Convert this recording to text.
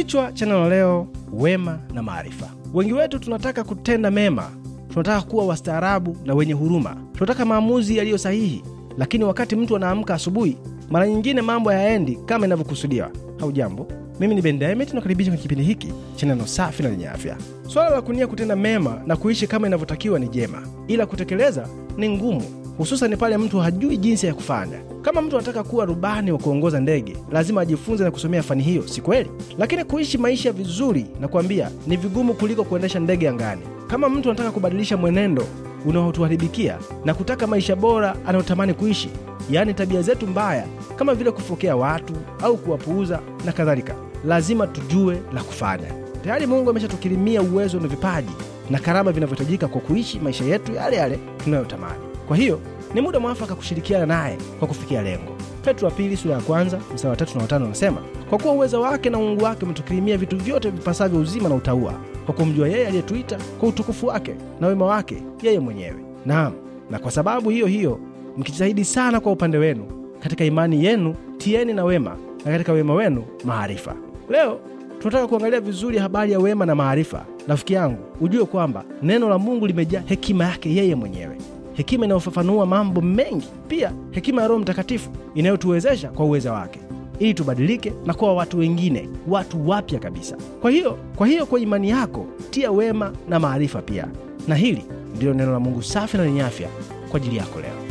Kichwa cha neno leo, wema na maarifa. Wengi wetu tunataka kutenda mema, tunataka kuwa wastaarabu na wenye huruma, tunataka maamuzi yaliyo sahihi, lakini wakati mtu anaamka asubuhi, mara nyingine mambo hayaendi kama inavyokusudiwa. jambo mimi ni Ben nakaribisha kwenye kipindi hiki cha neno safi na lenye afya. Swala la kunia kutenda mema na kuishi kama inavyotakiwa ni jema, ila kutekeleza ni ngumu hususani pale mtu hajui jinsi ya kufanya. Kama mtu anataka kuwa rubani wa kuongoza ndege, lazima ajifunze na kusomea fani hiyo, si kweli? Lakini kuishi maisha vizuri na kuambia ni vigumu kuliko kuendesha ndege angani. Kama mtu anataka kubadilisha mwenendo unaotuharibikia na kutaka maisha bora anayotamani kuishi, yaani tabia zetu mbaya kama vile kufokea watu au kuwapuuza na kadhalika, lazima tujue la kufanya. Tayari Mungu ameshatukirimia uwezo na vipaji na karama vinavyohitajika kwa kuishi maisha yetu yale yale tunayotamani. Kwa hiyo ni muda mwafaka kushirikiana naye kwa kufikia lengo. Petro wa pili sura ya kwanza msara wa tatu na watano anasema, kwa kuwa uwezo wake na uungu wake umetukirimia vitu vyote vipasavyo uzima na utauwa, kwa kumjua yeye aliyetuita kwa utukufu wake na wema wake yeye mwenyewe. Naam, na kwa sababu hiyo hiyo mkijitahidi sana kwa upande wenu, katika imani yenu tieni na wema, na katika wema wenu maarifa. Leo tunataka kuangalia vizuri habari ya wema na maarifa. Rafiki yangu, ujue kwamba neno la Mungu limejaa hekima yake yeye mwenyewe hekima inayofafanua mambo mengi, pia hekima ya Roho Mtakatifu inayotuwezesha kwa uweza wake ili tubadilike na kuwa watu wengine, watu wapya kabisa. Kwa hiyo, kwa hiyo kwa imani yako tia wema na maarifa pia. Na hili ndilo neno la Mungu safi na lenye afya kwa ajili yako leo.